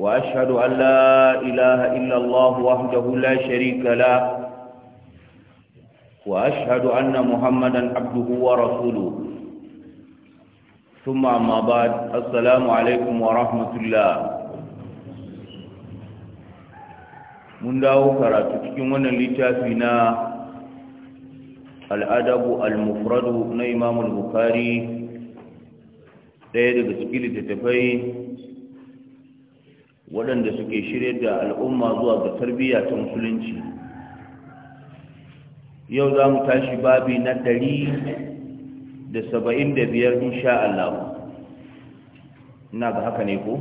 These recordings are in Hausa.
وأشهد أن لا إله إلا الله وحده لا شريك له وأشهد أن محمدا عبده ورسوله ثم أما بعد السلام عليكم ورحمة الله من داو كراتك من لتافنا الأدب المفرد من إمام البخاري ɗaya daga cikin littattafai waɗanda suke shirya da al'umma zuwa ga tarbiyya ta musulunci yau za mu tashi babi na ɗari da saba'in da biyar insha Allah ina ga haka ne ko?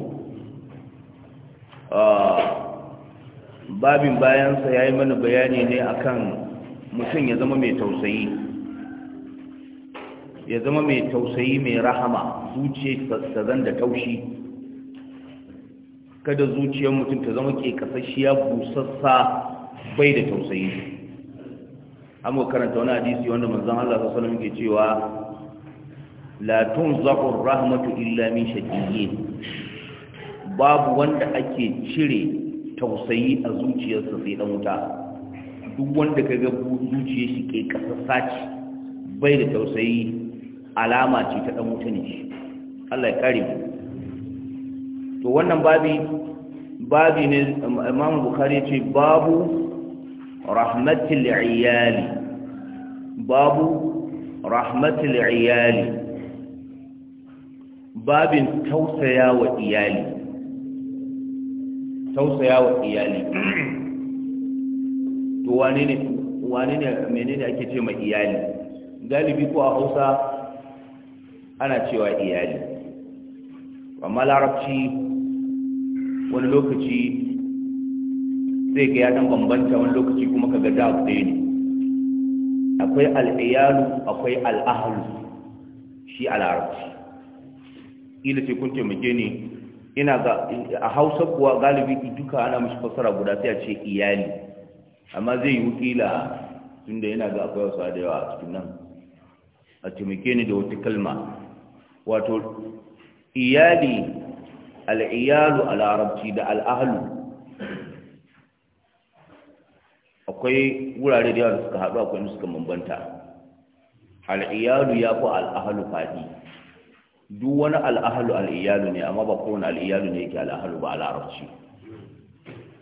Ah, babin bayansa ya yi mana bayani ne akan mutum ya zama mai tausayi ya zama mai tausayi mai rahama zuciya sazan da taushi kada zuciyar mutum ta zama ke kasashiya busassa bai da tausayi amma karanta wani hadisi wanda manzon Allah sallallahu alaihi wasallam cewa la tunzaqu rahmatu illa min shaqiyyin babu wanda ake cire tausayi a zuciyarsa sai dan wuta duk wanda kaga zuciyar shi ke kasassa ce bai da tausayi alama ce ta dan wuta ne Allah ya kare mu to wannan babi babi ne imam bukhari ce babu rahmatul iyali babu rahmatul iyali babin tausaya wa iyali tausaya wa iyali to wane ne wane ne menene ake ce ma iyali galibi ko a Hausa ana cewa iyali amma larabci wani lokaci zai ga yadan bambanta wani lokaci kuma ka ga da ɗaya ne akwai al'ayyalu, akwai al'ahalu shi a larabci ila sai kun taimake ni ina ga a hausa kuwa galibi duka ana mashi fassara guda sai a ce iyali amma zai yi kila tunda yana ga akwai wasu da yawa a cikin nan a taimake ni da wata kalma wato iyali al'iyalu a larabci da al'ahalu akwai wurare da yawa suka haɗu akwai suka mambanta. al'iyalu ya fi al'ahalu faɗi duk wani al'ahalu al'iyalu ne amma ba kowane al'iyalu ne yake al'ahalu ba a larabci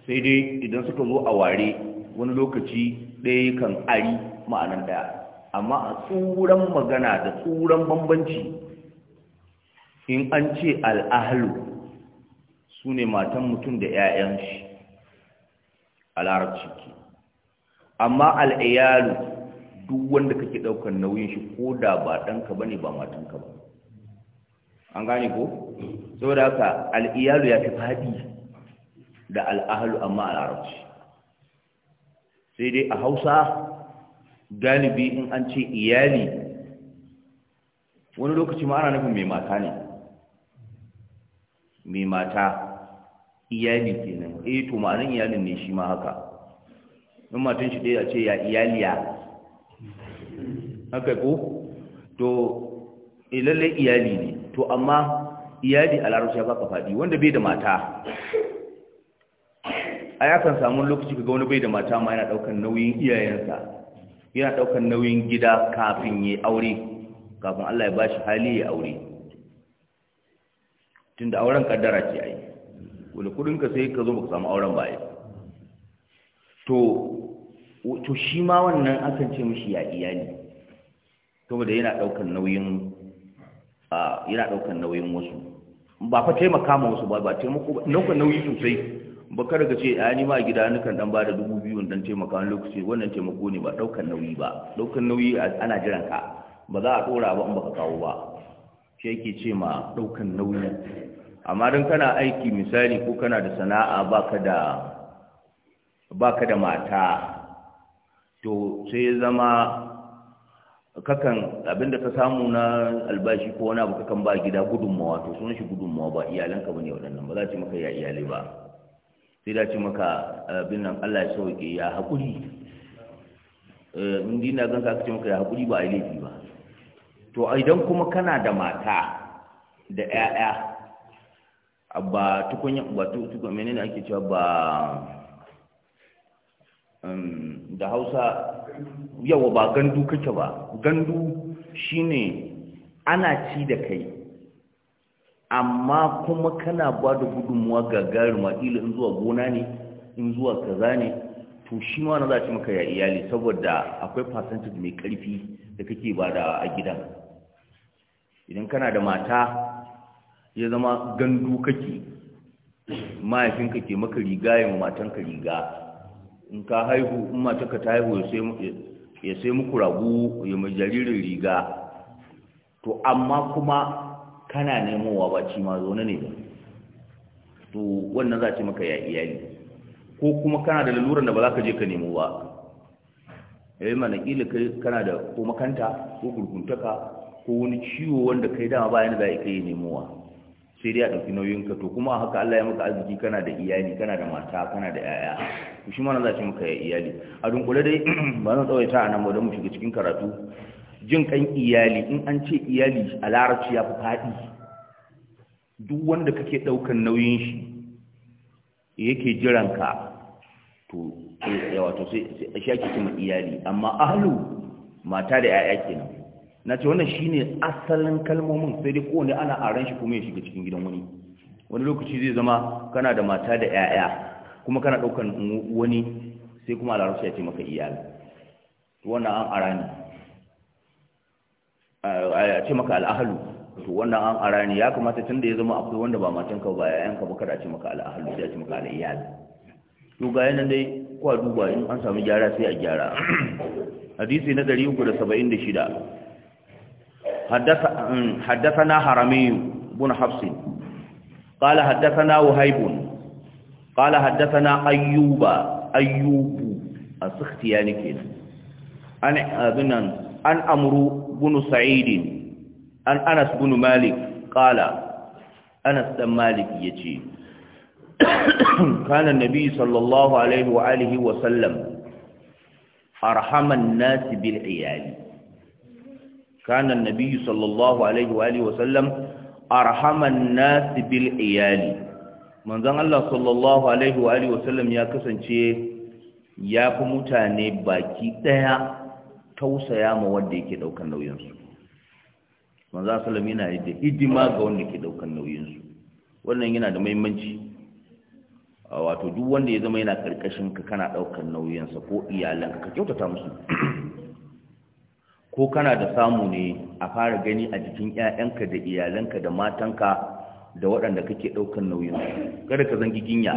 sai dai idan suka zo a ware wani lokaci ɗaya kan ari ma'anar ɗaya amma a tsuran magana da tsuran bambanci in an ce al'ahalu su ne matan mutum da 'ya'yan shi a larabci ke amma al'iyalu duk wanda kake ɗaukar nauyin shi ko da ba ɗanka ba ne ba matanka ba an gane ko? saboda haka al'iyalu ya fi faɗi da al'ahalu amma a larabci sai dai a hausa galibi in an ce iyali wani lokaci ma ana nufin mai mata ne mai mata iyali kenan eh to ma'anar iyalin ne shi ma haka in matan shi ya ce ya iyaliya haka ko to eh, lalle iyali ne to amma iyali a larabci ya baka faɗi wanda bai da mata a yakan samu lokaci ga wani bai da mata ma yana ɗaukan nauyin iyayensa yana ɗaukan nauyin gida kafin ya aure kafin Allah ya bashi hali ya aure tunda auren kaddara ce ai Wani kudinka sai ka zo ba samu auren baya to to shi ma wannan akan ce mishi ya iyali saboda yana daukan nauyin a yana daukan nauyin wasu ba fa taimaka ma wasu ba ba taimako ba daukan nauyi sosai ba kada ka ce ni ma a gida nukan dan bada dubu biyu dan taimaka wani lokaci wannan taimako ne ba daukan nauyi ba daukan nauyi ana jiran ka ba za a dora ba in baka kawo ba shi yake ce ma daukan nauyin amma don kana aiki misali ko kana da sana'a baka da baka da mata to sai ya zama kakan abinda ka samu na albashi ko wani abu kakan ba gida gudunmawa to sunan shi gudunmawa ba iyalanka bane waɗannan ba za ce maka ya iyalai ba sai da ce maka abin nan Allah ya sauke ya haƙuri eh, in dina ganka ka ce maka ya haƙuri ba a laifi ba to idan kuma kana da mata da 'ya'ya ba tukunya ba menene ake cewa ba um, da hausa yawa ba gandu kake ba gandu shine ana ci da kai amma kuma kana ba da gudunmuwa ga garima ila in zuwa gona ne in zuwa kaza ne to shi ma na za ci maka ya iyali saboda akwai percentage mai karfi da kake ba da a gidan idan kana da mata ya zama gandu kake mahaifinka ke maka riga ya matanka riga in ka haihu in matanka ta haihu ya sai muku ragu ya mai jaririn riga to amma kuma kana nemowa ba ci ma zaune ne ba to wannan za ce maka ya iyali ko kuma kana da laluran da ba za ka je ka nemo ba yayi eh mana kila kai kana da ko makanta ko gurguntaka ko wani ciwo wanda kai dama bayan da za ka yi nemowa sai dai a ɗauki nauyinka to kuma a haka Allah ya maka arziki kana da iyali kana da mata kana da yaya to shi mana za ce maka iyali a dunkule dai ba na tsawai a nan mu shiga cikin karatu jin kan iyali in an ce iyali a larabci ya fi faɗi duk wanda kake ɗaukan nauyin shi yake jiranka to wato sai shi ake cima iyali amma ahlu mata da yaya kenan na ce wannan shine asalin kalmomin sai dai kowane ana ran shi kuma ya shiga cikin gidan wani wani lokaci zai zama kana da mata da 'ya'ya kuma kana ɗaukan wani sai kuma a ya ce maka iyali wannan an ara ne a ce maka al'ahalu to wannan an ara ne ya kamata tun da ya zama akwai wanda ba matanka ba yayanka ba kada a ce maka al'ahalu sai a ce maka al'iyali to ga yanan dai kwa duba in an samu gyara sai a gyara hadisi na 376 حدثنا حرمي بن حفص قال حدثنا وهيب قال حدثنا أيوب أيوب السختياني كده عن أبن عن أمرو بن سعيد عن أنس بن مالك قال أنس بن مالك يجي كان النبي صلى الله عليه وآله وسلم أرحم الناس بالعيال kana annabi sallallahu alaihi wa alihi wasallam arhaman nas bil iyali manzon Allah sallallahu alaihi wa alihi ya kasance ya fi mutane baki ɗaya tausaya ma wanda yake daukan nauyin su manzon yana da hidima ga wanda yake دوكان نويين سو wannan yana da muhimmanci wato duk wanda ya zama yana karkashin ka kana daukar nauyin sa ko iyalanka ka kyautata musu ko kana da samu ne a fara gani a jikin 'ya'yanka da iyalanka da matanka da waɗanda kake ɗaukar nauyin kada ka zangi ginya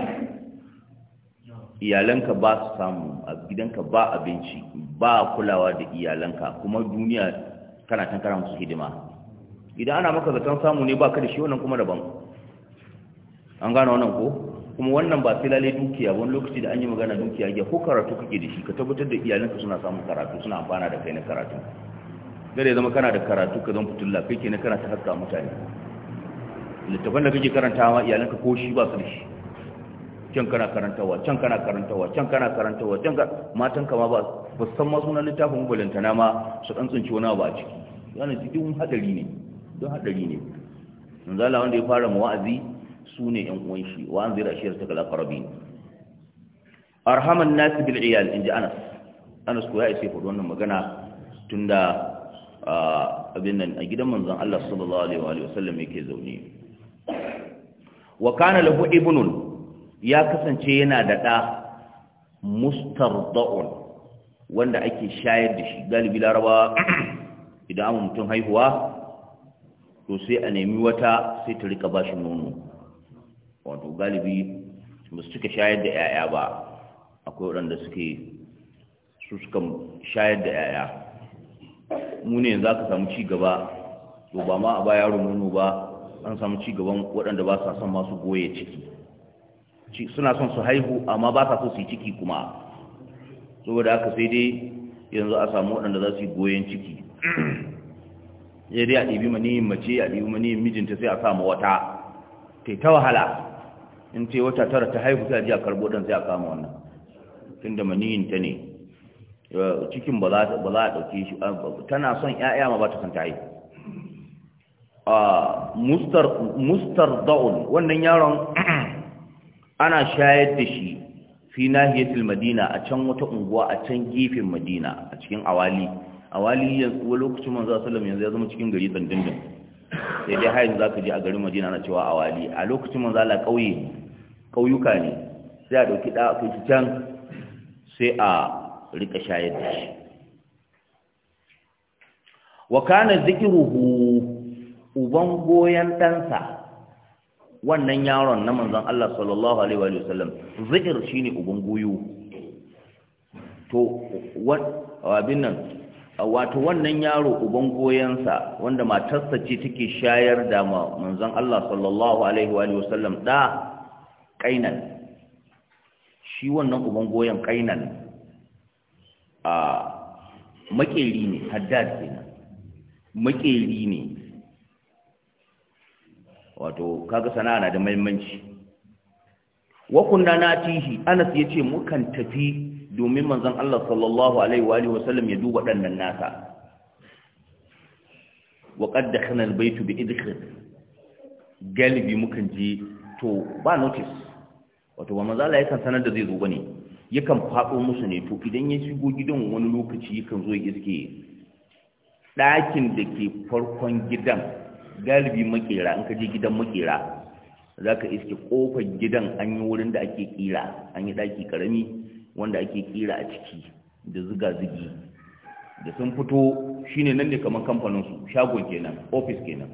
iyalanka ba su samu a gidanka ba abinci ba kulawa da iyalanka kuma duniya kana tankara musu hidima idan ana maka zaton samu ne ba ka da shi wannan kuma daban an gane wannan ko kuma wannan ba sai lalai dukiya wani lokaci da an yi magana dukiya ya ko karatu kake da shi ka tabbatar da iyalinka suna samun karatu suna amfana da kai na karatu gare zama kana da karatu ka zan fitulla kai na kana ta haska mutane littafan da kake karanta ma iyalanka ko shi ba su da shi can kana karantawa can kana karantawa can kana karantawa can ka matan ka ma ba ba san ma sunan littafin na ma su dan tsinci wani ba a ciki yana cikin hadari ne don hadari ne zala wanda ya fara muwa'azi su ne yan uwan shi wa an zira shiyar ta kala farabi arhaman nasi bil iyal inji anas anas ko ya isa faɗi wannan magana tunda abin nan a gidan manzon Allah sallallahu alaihi wa sallam yake zaune wa kana lahu ibnun ya kasance yana da da mustarda'un wanda ake shayar da shi galibi laraba idan an mutum haihuwa to sai a nemi wata sai ta rika bashi nono wato galibi ba su cika shayar da 'ya'ya ba akwai waɗanda suke su suka shayar da 'ya'ya mu ne yanzu aka samu ci gaba to ba ma a ba yaro nono ba an samu ci gaban waɗanda ba sa son masu goye ciki suna son su haihu amma ba sa so su yi ciki kuma saboda haka sai dai yanzu a samu waɗanda za su yi goyen ciki ya dai a ɗibi maniyin mace a ɗibi maniyin mijinta sai a samu wata ta ta wahala in ce wata tara ta haihu sai a ji a karɓo ɗan sai a kama wannan tun da maniyin ta ne cikin ba za a ɗauke shi tana son ‘ya'ya ma ba ta son ta yi mustar da'un wannan yaron ana shayar da shi fi nahiyatul madina a can wata unguwa a can gefen madina a cikin awali awali yanzu lokacin manzo sallam yanzu ya zama cikin gari dandindin sai dai hayin zaka je a garin madina na cewa awali a lokacin manzo Allah kauye kauyuka ne sai a dauki da kai can sai a rika shayar da shi wa kana zikruhu uban goyen ɗansa wannan yaron na manzon Allah sallallahu alaihi wa sallam zikir shine uban goyo to abin nan wato wannan yaro uban goyensa wanda matarsa ce take shayar da manzon Allah sallallahu alaihi wa sallam da kainan shi wannan uban goyen kainan a makeri ne haddad kenan makeri ne wato kaga sana'a na da muhimmanci wa kunna natihi Anas yace mukan tafi domin manzon Allah sallallahu alaihi wa alihi wasallam ya duba dannan nasa wa qad dakhana albayt bi idkhil galibi mukan je to ba notice wato wa manzala Allah yakan sanar da zai zo bane yakan faɗo musu ne to idan ya shigo gidan wani lokaci yakan zo ya iske ɗakin da ke farkon gidan galibi makera in ka je gidan makera za ka iske ƙofar gidan an yi wurin da ake ƙira an yi ɗaki ƙarami wanda ake ƙira a ciki da ziga-zigi da sun fito shine nan ne kamar su shagon kenan ofis kenan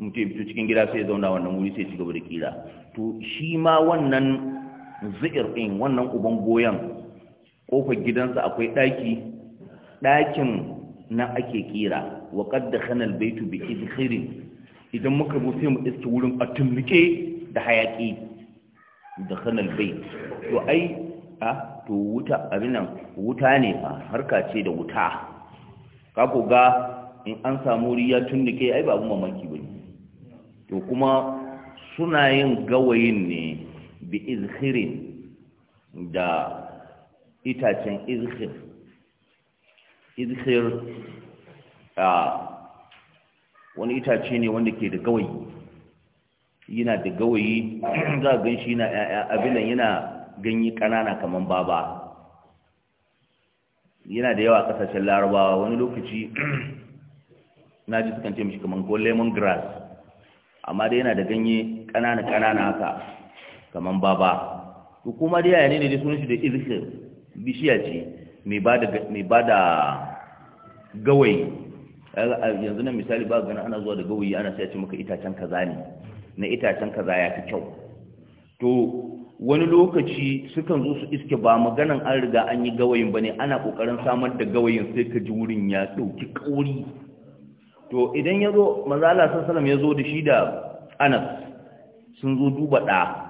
mutum ya fito cikin gida sai ya zauna wannan wuri sai ya ci gaba da ƙira to shi ma wannan zi'ir ɗin wannan uban goyon Kofar gidansa akwai ɗaki ɗakin na ake ƙira wa ƙadda hanal baitu bi idkhirin idan muka bu sai mu iske wurin a tumbuke da hayaƙi da hanal bait to ai a to wuta abin nan wuta ne fa harka ce da wuta ka ga in an samu riya tunnike? ai ba abun mamaki bane to kuma suna yin gawayin ne bi izhirin da itacen izhir izhir a wani itace ne wanda ke da gawayi yana da gawayi za a ganshi na abinan yana ganyi ƙanana kamar baba yana da yawa ƙasashen larabawa wani lokaci na ji sukan ce mishi kamar ko lemon grass amma dai yana da ganye ƙanana ƙanana haka kaman baba to kuma dai yayane ne dai sunan shi da izhi bishiya ce mai bada da mai bada gawayi yanzu nan misali ba ga ana zuwa da gawayi ana sai ce maka itacen kaza ne na itacen kaza ya fi kyau to wani lokaci sukan zo su iske ba maganan an riga an yi gawayin ba ne ana kokarin samar da gawayin sai ka ji wurin ya ɗauki ƙauri to idan ya zo mazala sassalam ya zo da shi da anas sun zo duba ɗa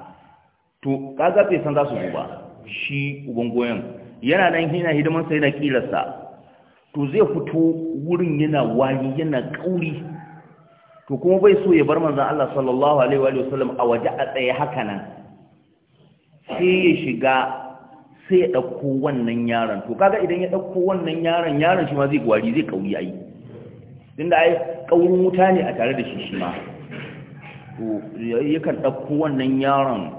to kaga bai san za su ba shi uban yana nan hina hidiman sai na kilarsa to zai fito wurin yana wani yana kauri to kuma bai so ya bar manzon Allah sallallahu alaihi wa sallam a waje a tsaye haka nan sai ya shiga sai ya ɗauko wannan yaron to kaga idan ya ɗauko wannan yaron yaron shi ma zai gwari zai kauri ai tunda ai kaurin wuta ne a tare da shi shi ma to kan ɗauko wannan yaron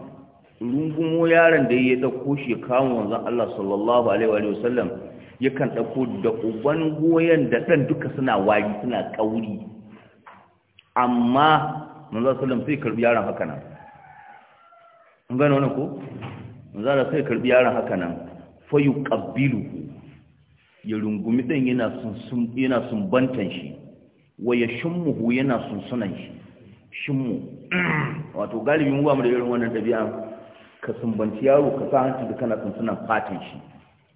rungumo yaron da ya dauko shi kawo wanzan Allah sallallahu alaihi wa sallam yakan dauko da uban goyen da dan duka suna wari suna kauri amma manzo sallam sai karbi yaron haka nan an gane wannan ko manzo sai karbi yaron haka nan fa yuqabbiluhu ya rungumi dan yana sun yana sumbantan shi waya shimmuhu yana sunan shi shimmu wato galibin ba mu da irin wannan dabi'a ka sumbanci yaro ka sa hancin ka kana sunsunan fatan shi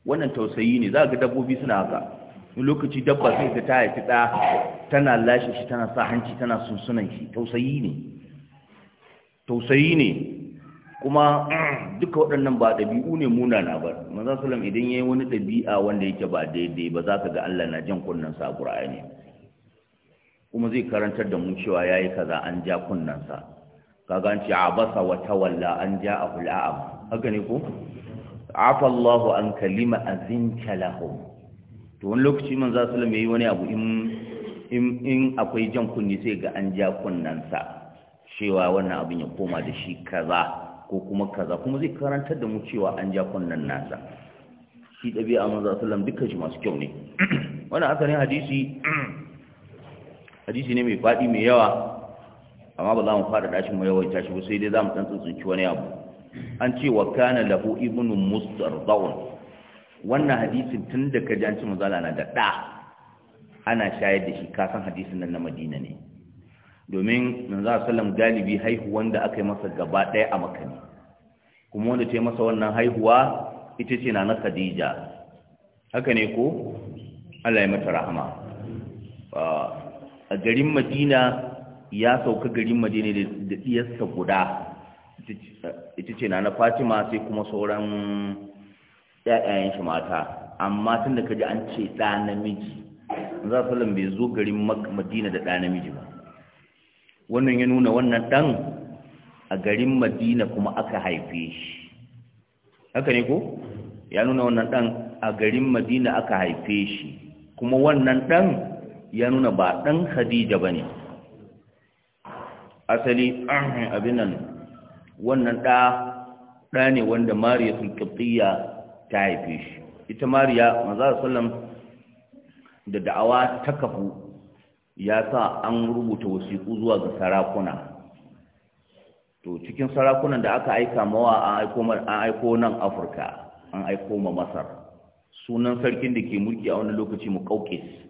wannan tausayi ne za ga dabbobi suna haka lokaci dabba sai ta ta haifi ɗa tana lashe shi tana sa hanci tana sunsunan shi tausayi ne tausayi ne kuma duka waɗannan ba ɗabi'u ne munana ba Maza salam idan ya yi wani ɗabi'a wanda yake ba daidai ba za ka ga allah na jan kunnen sa a ne kuma zai karantar da mu cewa ya yi kaza an ja sa. kaga an ce basa wa tawalla an ja'ahu al'am haka ne ko afa Allahu an kalima a azinta lahum to wani lokaci su sallallahu yi wani abu in akwai jan kunni sai ga an ja kunnansa cewa wannan abin ya koma da shi kaza ko kuma kaza kuma zai karantar da mu cewa an ja kunnan nasa shi ɗabi'a su duka dukkan shi masu kyau ne Wani asalin hadisi hadisi ne mai faɗi mai yawa amma ba za mu fara dashin mu yawaita shi ba sai dai za mu dan tsuntsunci wani abu an ce wa kana lahu ibnu mustardaun wannan hadisin tun da ka ji an ci manzala na da ɗa ana shayar da shi kasan hadisin nan na madina ne domin manzala sallam galibi haihu da aka yi masa gaba ɗaya a makani kuma wanda ta masa wannan haihuwa ita ce na na khadija haka ne ko allah ya mata rahama a garin madina ya sauka garin madina da diyarsa guda ita ce na na fatima sai kuma sauran ƴaƴayen shi mata amma tun da kaji an ce ɗa namiji za su bai zo garin madina da ɗa namiji ba wannan ya nuna wannan ɗan a garin madina kuma aka haife shi haka ne ko ya nuna wannan ɗan a garin madina aka haife shi kuma wannan ɗan ya nuna ba ɗan hadija ba ne asali abin nan wannan ɗa ɗa ne wanda mariya tulkibtiyya ta haife shi ita mariya maza sallam da da'awa ta kafu ya sa an rubuta wasiƙu zuwa ga sarakuna to cikin sarakunan da aka aika mawa an aiko nan Afirka an aiko ma Masar sunan sarkin da ke mulki a wani lokaci mu ƙauke.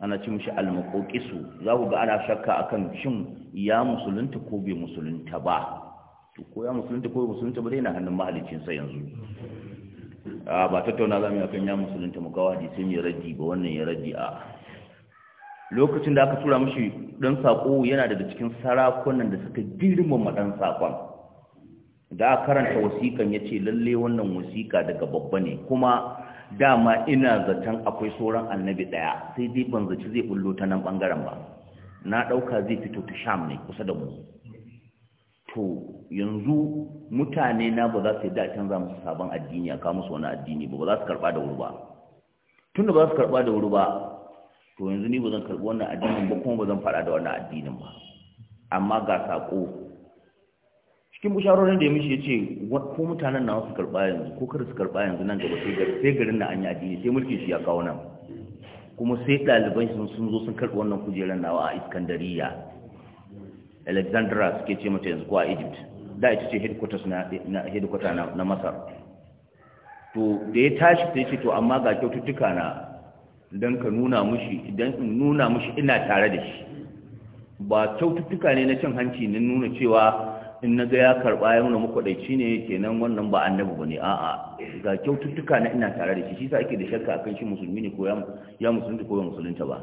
ana ce mishi almakokisu za ku ga ana shakka akan shin ya musulunta ko bai musulunta ba to ko ya musulunta ko bai musulunta ba dai na hannun sa yanzu a ba tattauna za mu akan ya musulunta mu kawo hadisi mai raddi ba wannan ya raddi a lokacin da aka tura mishi dan sako yana daga cikin sarakunan da suka ma dan sakon da karanta wasikan yace lalle wannan wasika daga babba ne kuma dama ina zaton akwai sauran annabi daya sai dai ban zaci zai bullo ta nan bangaren ba na dauka zai fito ta sham ne kusa da mu to yanzu mutane na ba za su yi da canza musu sabon addini a kawo musu wani addini ba ba za su karba da wuri ba tunda ba za su karba da wuri ba to yanzu ni ba zan karbi wannan addinin ba kuma ba zan fara da wannan addinin ba amma ga sako cikin bisharorin da ya mishi ya ce ko mutanen na su karɓa yanzu ko kar su karɓa yanzu nan gaba sai garin na an yi addini sai mulkin shi ya kawo nan kuma sai ɗaliban shi sun zo sun karɓi wannan kujerar nawa a iskandariya alexandra suke ce mata yanzu ko a egypt da ita ce headquarters na na masar to da ya tashi sai ce to amma ga kyaututtuka na don ka nuna mushi idan in nuna mushi ina tare da shi ba kyaututtuka ne na cin hanci na nuna cewa in na ga ya karɓa ya nuna makwaɗaici ne kenan wannan ba annabi ba ne a'a ga kyaututtuka na ina tare da shi shi sa ake da shakka akan shi musulmi ne ko ya musulunta ko ya musulunta ba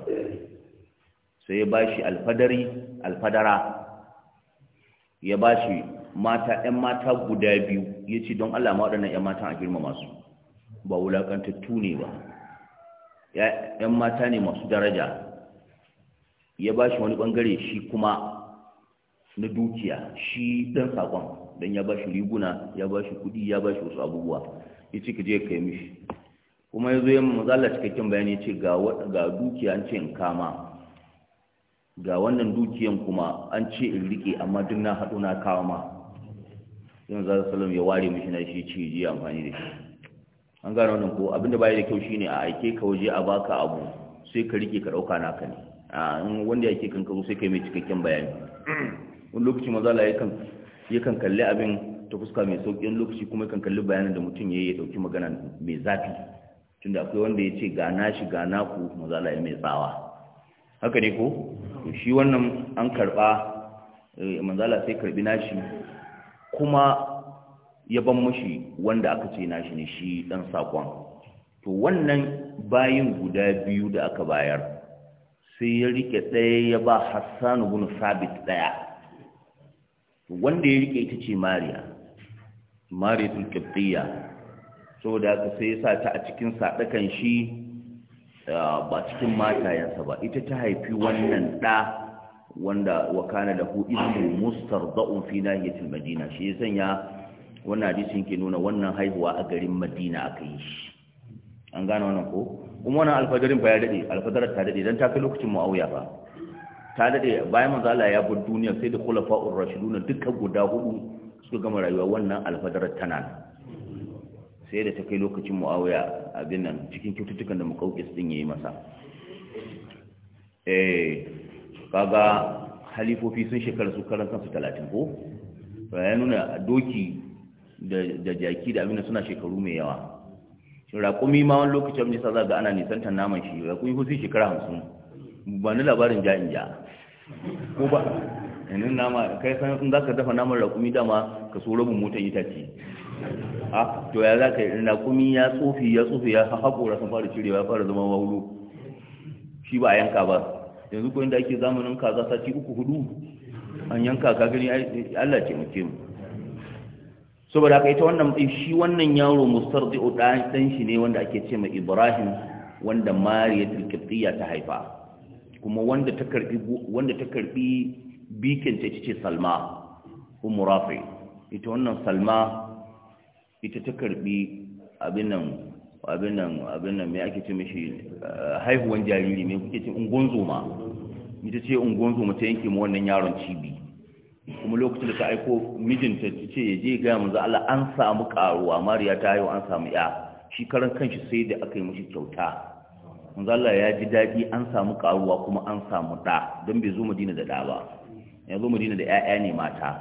sai ya bashi alfadari alfadara ya bashi mata ɗan mata guda biyu ya ce don Allah ma waɗannan 'yan matan a girma masu ba wulaƙantattu ne ba 'Yan mata ne masu daraja ya bashi wani ɓangare shi kuma na dukiya shi dan sakon dan ya bashi riguna ya bashi kudi ya bashi wasu abubuwa yace ka je kai mishi kuma yazo ya mazalla cikakken bayani yace ga ga dukiya an ce in kama ga wannan dukiyan kuma an ce in rike amma duk na haɗu na kama yanzu sallallahu alaihi ya ware mishi na shi ce ji amfani da shi an gano wannan ko abinda bai da kyau shine a aike ka waje a baka abu sai ka rike ka dauka naka ne a wanda yake ke kazo sai kai mai cikakken bayani wani lokaci mazala yakan kalli abin ta fuska mai sauƙi wani lokaci kuma yakan kalli bayanin da mutum ya yi ya ɗauki magana mai zafi tunda akwai wanda ya ce gana shi ga na ku mazala ya mai tsawa haka ne ko shi wannan an karɓa eh, manzala sai karɓi nashi kuma ya ban mashi wanda aka ce nashi ne shi ɗan sakon. to wannan bayin guda biyu da aka bayar sai ya rike ɗaya ya ba Hassanu ibn Sabit ɗaya wanda ya rike ita ce mariya mariya so da haka sai ya sa ta a cikin sadakan shi ba cikin matayensa ba ita ta haifi wannan ɗa wanda wakana da hu ismu mustarda'un fi nahiyatil madina shi ya sanya wannan hadisi yake nuna wannan haihuwa a garin madina aka yi shi an gane wannan ko kuma wannan alfadarin ba ya dade alfadarar ta dade dan ta fi lokacin muawiya ba ta dade bayan manzo Allah ya bar duniya sai da khulafa'ur rashiduna duka guda hudu suka gama rayuwa wannan alfadarar tana sai da ta kai lokacin muawiya abin nan cikin kyaututtukan da muqawqis din yayi masa eh kaga halifofi sun shekara su karan su 30 ko ya nuna doki da jaki da abin suna shekaru mai yawa shi raƙumi ma wani lokacin ne sai zaga ga ana nisantar naman shi raƙumi ko sai shekara 50 ba ni labarin ja'in ja ko ba yanzu nama kai san in zaka dafa naman raƙumi dama ka so rabin mota itace a to ya za ka yi raƙumi ya tsofi ya tsofi ya haƙora sun fara cirewa ya fara zama waulo shi ba a yanka ba yanzu ko inda ake zamanin kaza sati uku hudu an yanka ka gani Allah ce mu mu saboda kai ta wannan eh, shi wannan yaro mustardi'u dan shi ne wanda ake ce ma Ibrahim wanda Mariya ta haifa kuma wanda ta karbi wanda ta karbi bikin ta ce Salma ummu Rafi ita wannan Salma ita ta karbi abin nan abin nan abin nan me ake ce mishi eh, haihuwan jariri me kuke ce ungonzoma ita ce ungonzoma ta yanke mu wannan yaron cibi kuma lokacin da ta aiko mijinta ta ce ya je ga manzo Allah an samu karuwa Mariya ta haihu an samu ya shi karan kanshi sai da aka yi mishi kyauta manzala ya ji daɗi an samu ƙaruwa kuma an samu ɗa don bai zo madina da ɗa ba ya zo madina da 'ya'ya ne mata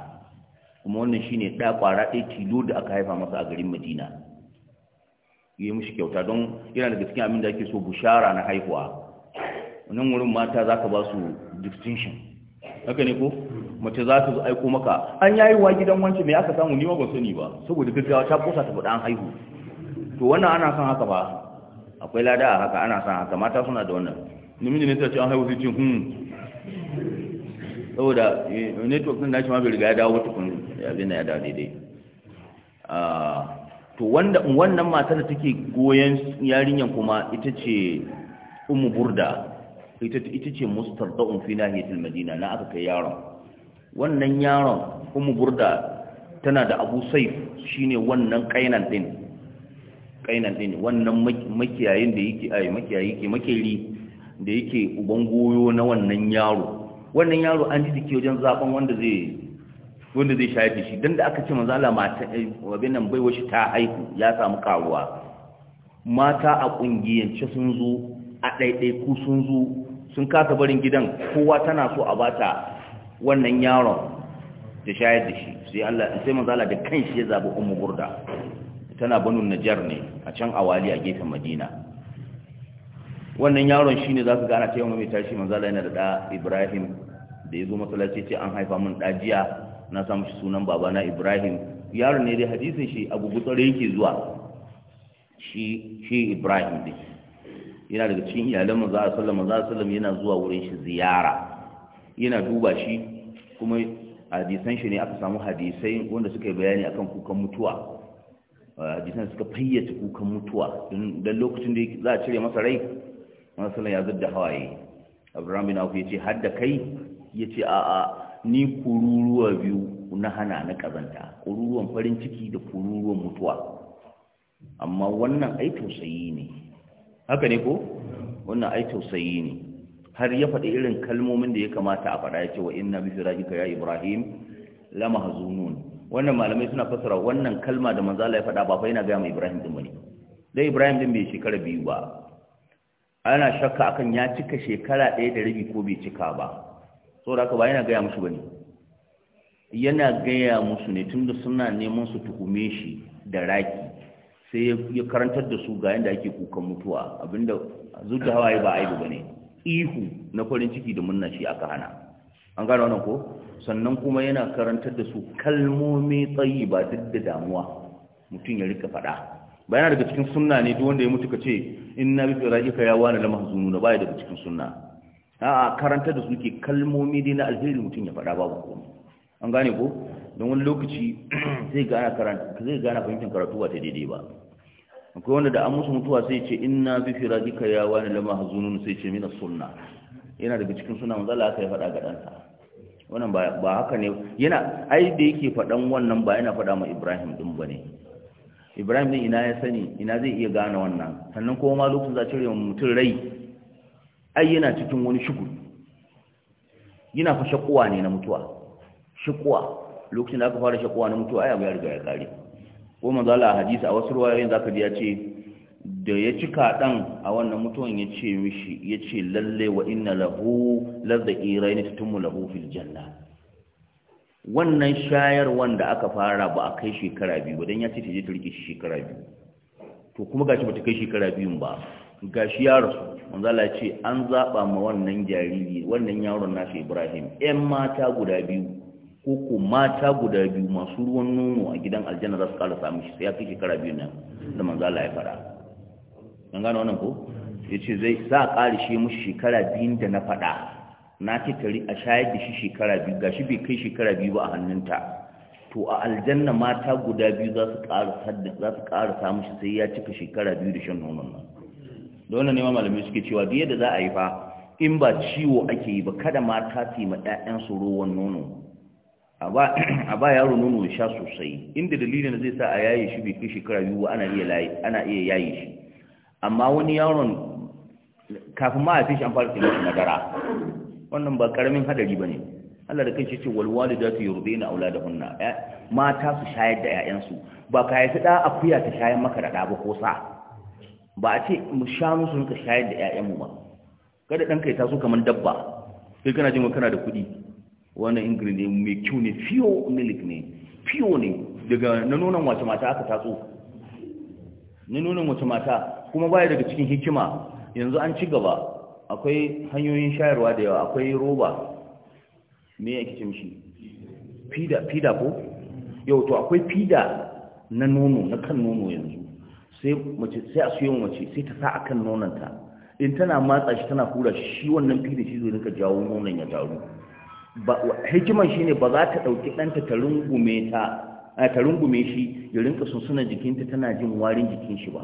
kuma wannan shine ɗa ƙwara ɗaya tilo da aka haifa masa a garin madina yi mushi kyauta don yana daga cikin abin da ake so bushara na haihuwa wannan wurin mata za ka ba su distinction haka ne ko mace za ta aiko maka an yayi wa gidan wancan mai aka samu ni ba ban sani ba saboda gaggawa ta kosa ta faɗa an haihu to wannan ana son haka ba akwai lada a haka ana san haka mata suna da wannan namiji ne ta ce an haihu sai ce hun hmm. saboda eh, network din nashi ma bai riga ya dawo tukun abin ya dawo daidai ah, to wanda wannan matar da take goyen yarinyan kuma ita ce ummu burda ita ita ce mustarda'un fi nahiyatil madina na aka kai yaron wannan yaron ummu burda tana da abu saif shine wannan kainan din kainan din wannan makiyayin da yake ai makiyayi ke makeri da yake uban goyo na wannan yaro wannan yaro an ji dake wajen zaben wanda zai wanda zai shafi shi dan da aka ce manzo Allah mata eh, nan baiwa shi ta haihu ya samu karuwa mata a kungiyance sun zo a ku sun zo sun kasa barin gidan kowa tana so a bata wannan yaron ta shayar da shi sai Allah sai manzo Allah da kanshi ya zabi ummu burda tana banu najar ne a can awali a gefen madina wannan yaron shine za su gana cewa mai tashi manzala yana da da ibrahim da ya zo masallaci ce an haifa min ɗajiya na samu shi sunan babana ibrahim yaron ne dai hadisin shi abu gutsare yake zuwa shi shi ibrahim din yana daga cikin iyalan manzo sallallahu alaihi wasallam yana zuwa wurin shi ziyara yana duba shi kuma hadisan shi ne aka samu hadisai wanda suka yi bayani akan kukan mutuwa jisan suka fayyace kukan mutuwa don lokacin da za a cire masa rai masu ya zarda hawaye abraham bin aku ya ce hadda kai ya ce a a ni kururuwa biyu na hana na kazanta kururuwan farin ciki da kururuwan mutuwa amma wannan ai tausayi ne haka ne ko wannan ai tausayi ne har ya faɗi irin kalmomin da ya kamata a faɗa ya ce wa inna bi firajika ya ibrahim la mahzunun wannan malamai suna fassara wannan kalma da manzo Allah ya faɗa ba fa yana ga Ibrahim din bane dai Ibrahim din bai shekara biyu ba ana shakka akan ya cika shekara ɗaya da rabi ko bai cika ba saboda haka ba yana ga ya musu bane yana gaya musu ne tunda suna neman su tuhume shi da raki sai ya karantar da su ga yanda ake kukan mutuwa abinda zuwa hawaye ba aibu bane ihu na farin ciki da munna shi aka hana an gano wannan ko sannan kuma yana karantar da su kalmomi tsayi ba duk da damuwa mutum ya rika faɗa yana daga cikin sunna ne duk wanda ya mutu ka ce in na bi fira ika ya wani lamar zunu na baya daga cikin sunna a'a karantar da su ke kalmomi dai na alheri mutum ya faɗa babu komai an gane ko don wani lokaci zai gana karanta zai gana fahimtar karatu ba ta daidai ba akwai wanda da an musu mutuwa sai ce na bi fira ika ya wani lamar zunu sai ce mina sunna yana daga cikin sunna wanzala aka yi faɗa ga ɗansa wannan ba haka ne yana ai da yake faɗan wannan ba yana faɗa ma Ibrahim din ba ne Ibrahim din ina ya sani ina zai iya gane wannan sannan kuma ma lokacin za cire mutum rai ai yana cikin wani shugur yana fa shakuwa ne na mutuwa shakuwa lokacin da aka fara shakuwa na mutuwa ai abu ya riga ya kare ko manzo Allah hadisi a wasu ruwayoyin zaka ji ya ce da ya ci kaɗan a wannan mutuwan ya ce mishi ya ce lalle wa inna lahu ladda irai ne tutumu lahu fil janna wannan shayar wanda aka fara ba a kai shekara biyu ba don ya ce ta je ta rike shekara biyu to kuma gashi bata kai shekara biyun ba gashi ya rasu wanda ya ce an zaba ma wannan jariri wannan yaron nashi Ibrahim ƴan mata guda biyu ko ko mata guda biyu masu ruwan nono a gidan aljanna za su kara samun shi sai ya kai shekara biyu nan da Manzala ya fara an gano wannan ko ya ce zai za a ƙari shi mu shekara biyun da na faɗa na tari a shayar da shi shekara biyu ga shi bai kai shekara biyu ba a hannunta to a aljanna mata guda biyu za su samu shi sai ya cika shekara biyu da shan nonon nan da wannan nema malamai suke cewa duk yadda za a yi fa in ba ciwo ake yi ba kada mata su yi ma su rowan nono a ba yaro nono ya sha sosai inda dalilin zai sa a yaye shi bai kai shekara biyu ba ana iya yaye shi amma wani yaron kafin ma a fi shi an fara taimaki madara wannan ba karamin hadari ba ne Allah da kai shi ce walwali da su yurbe na aula da hunna mata su shayar da 'ya'yansu ba ka haifi da akuya ta shayar maka da ɗa ba ko sa ba a ce mu sha musu nuka shayar da 'ya'yanmu ba kada ɗanka kai taso kamar dabba sai kana jin kana da kuɗi wannan ingredient mai kyau ne fiyo milik ne fiyo ne daga na nonon wace mata aka taso na nonon wace mata kuma baya daga cikin hikima yanzu an ci gaba akwai hanyoyin shayarwa da yawa akwai roba me yake cin shi fida fida ko yau to akwai fida na nono na kan nono yanzu sai mace sai a suyo mace sai ta sa akan nononta in tana matsa shi tana hura shi wannan fida shi zai rinka jawo nonon ya taru hikiman shi ne ba za ta ɗauki ɗanta ta rungume ta ta rungume shi ya rinka sunsunan jikinta tana jin warin jikin shi ba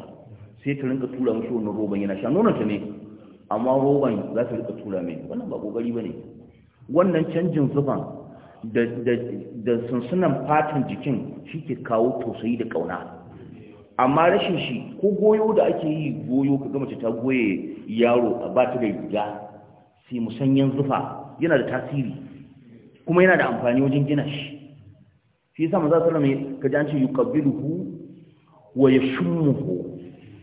sai ta rinka tura mashi wannan roban yana sha nonon ta ne amma roban za ta rinka tura mai wannan ba kokari bane wannan canjin zuban da da sunsunan fatan jikin shi ke kawo tausayi da kauna amma rashin shi ko goyo da ake yi goyo ka gama ta goye yaro a ba ta da riga sai musanyen zufa yana da tasiri kuma yana da amfani wajen gina shi shi yasa manzo sallallahu alaihi wasallam an ce yuqabbiluhu wa yashmuhu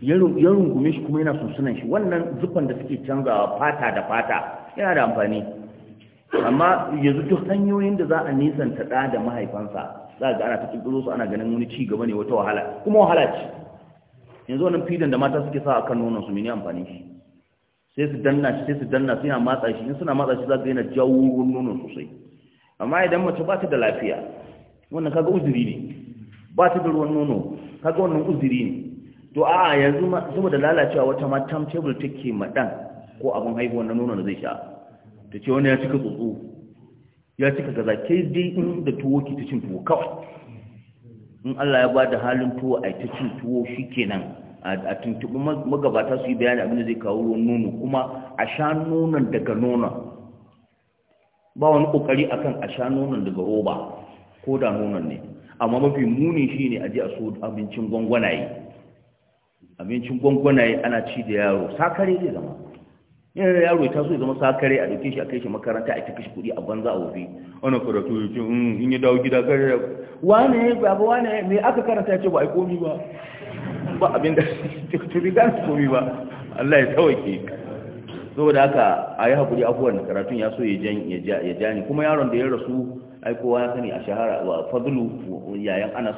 ya rungume shi kuma yana susunan shi wannan zufan da suke canzawa fata da fata yana da amfani amma yanzu duk hanyoyin da za a nisanta ɗa da mahaifansa za a ga ana ta ƙirƙiro su ana ganin wani ci gaba ne wata wahala kuma wahala ce yanzu wannan fidan da mata suke sa a kan nonon su mene amfani shi sai su danna shi sai su danna su yana matsa shi in suna matsa shi za ka yana jawo nonon sosai amma idan mace ba ta da lafiya wannan kaga uzuri ne ba ta da ruwan nono kaga wannan uzuri ne to a yanzu da lalacewa wata ma table take maɗan ko abin haihuwa na nono da zai sha ta ce wani ya cika tsotso ya cika gaza ke dai da tuwo ki ta cin tuwo kawai in Allah ya ba da halin tuwo a ta cin tuwo shi kenan a tuntuɓi magabata su yi bayani abin da zai kawo ruwan nono kuma a sha nonon daga nonon ba wani ƙoƙari akan a sha nonon daga roba ko da nonon ne amma mafi muni shi ne a je a so abincin gwangwanaye abincin gwangwanaye ana ci da yaro sakare zai zama yana da yaro ta so ya zama sakare a dauke shi a kai shi makaranta a cikin kuɗi a banza a wofi ana karatu ya ce mm, in yi dawo gida kare ya wane baba wane me aka karanta ya ce ba a yi komi ba ba abin da ta riga su komi ba Allah ya tawake saboda haka a yi haƙuri abubuwan da karatun ya so ya ja ni kuma yaron da ya rasu aikowa ya sani a shahara wa fadlu yayan anas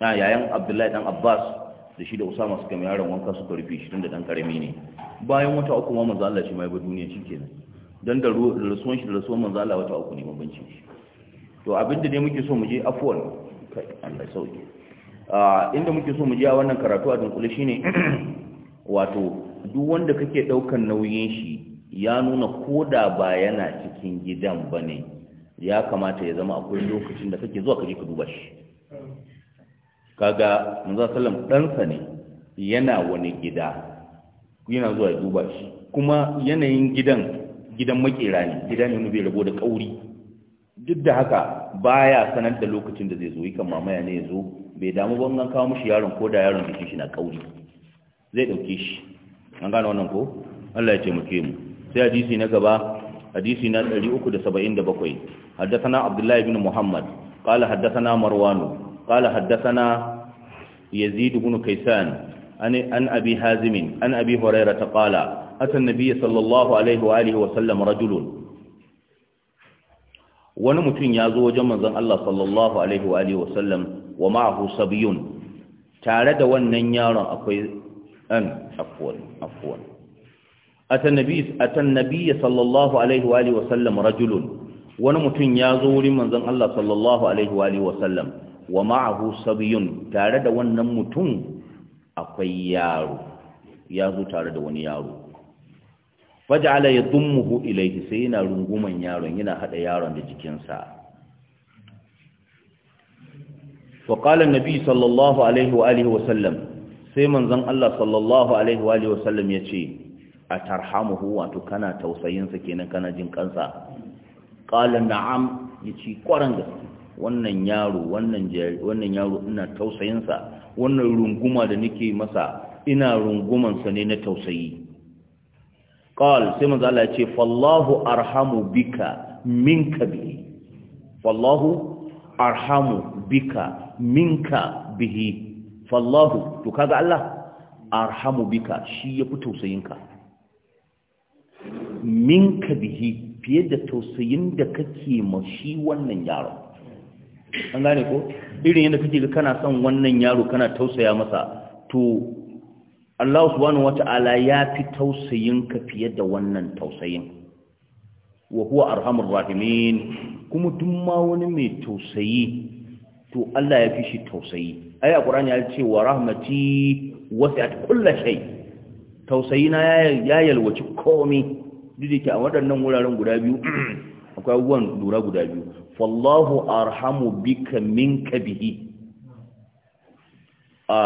yayan abdullahi dan abbas da shi da usama su kama yaron wanka su karfi shi tun da dan karami ne bayan wata uku ma manzo Allah shi mai ba duniya shi kenan dan da rasuwan shi da rasuwan manzo Allah wata uku ne mabanci to abin da dai muke so mu je afwan kai Allah sauki a inda muke so mu je a wannan karatu a dunkule shine wato duk wanda kake daukan nauyin shi ya nuna koda ba yana cikin gidan bane ya kamata ya zama akwai lokacin da kake zuwa kaje ka duba shi kaga manzo sallam ɗansa ne yana wani gida yana zuwa ya duba shi kuma yanayin gidan gidan makera ne gida ne bai rabo da kauri duk da haka baya sanar da lokacin da zai zo yakan mamaya ne ya zo bai damu ba an kawo mishi yaron ko da yaron jikin shi na kauri zai dauke shi an gane wannan ko Allah ya taimake mu sai hadisi na gaba hadisi na 377 haddathana Abdullahi bin Muhammad qala haddathana Marwan قال حدثنا يزيد بن كيسان عن أبي هازم عن أبي هريرة قال أتى النبي صلى الله عليه وآله وسلم رجل ونمتن يازو جمزا الله صلى الله عليه وآله وسلم ومعه صبيون تارد وننيارا أقوي أن أقوى أقوى أتى النبي, أتى النبي صلى الله عليه وآله وسلم رجل ونمتن يازو لمن الله صلى الله عليه وآله وسلم wa ma'ahu sabiyun tare da wannan mutum akwai yaro ya zo tare da wani yaro faj'ala yadummuhu ilayhi sai yana runguman yaron yana hada yaron da jikinsa wa qala an-nabi sallallahu alaihi wa alihi wa sallam sai manzon Allah sallallahu alaihi wa alihi wa sallam yace atarhamuhu wato kana tausayin sa kenan kana jin kansa qala na'am yace kwaran gaske wannan yaro wannan wannan yaro ina tausayinsa wannan runguma da nake masa ina rungumansa ne na tausayi qal sai manzo Allah ya ce fallahu arhamu bika minka bihi fallahu arhamu bika minka bihi fallahu to kaga Allah arhamu bika shi ya yafi tausayinka minka bihi fiye da tausayin da kake ma shi wannan yaron an gane ko irin yadda kake ga kana son wannan yaro kana tausaya masa to Allah subhanahu wata'ala ya fi tausayin ka fiye da wannan tausayin wa huwa arhamur rahimin kuma duk ma wani mai tausayi to Allah ya fi shi tausayi ai a Qur'ani ya ce wa rahmati wasi'at kulli shay tausayi na ya yalwaci komai duk da ke a waɗannan wuraren guda biyu akwai abubuwan lura guda biyu fallahu arhamu bika minka bihi a